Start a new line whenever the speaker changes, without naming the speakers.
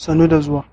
sanu da zuwa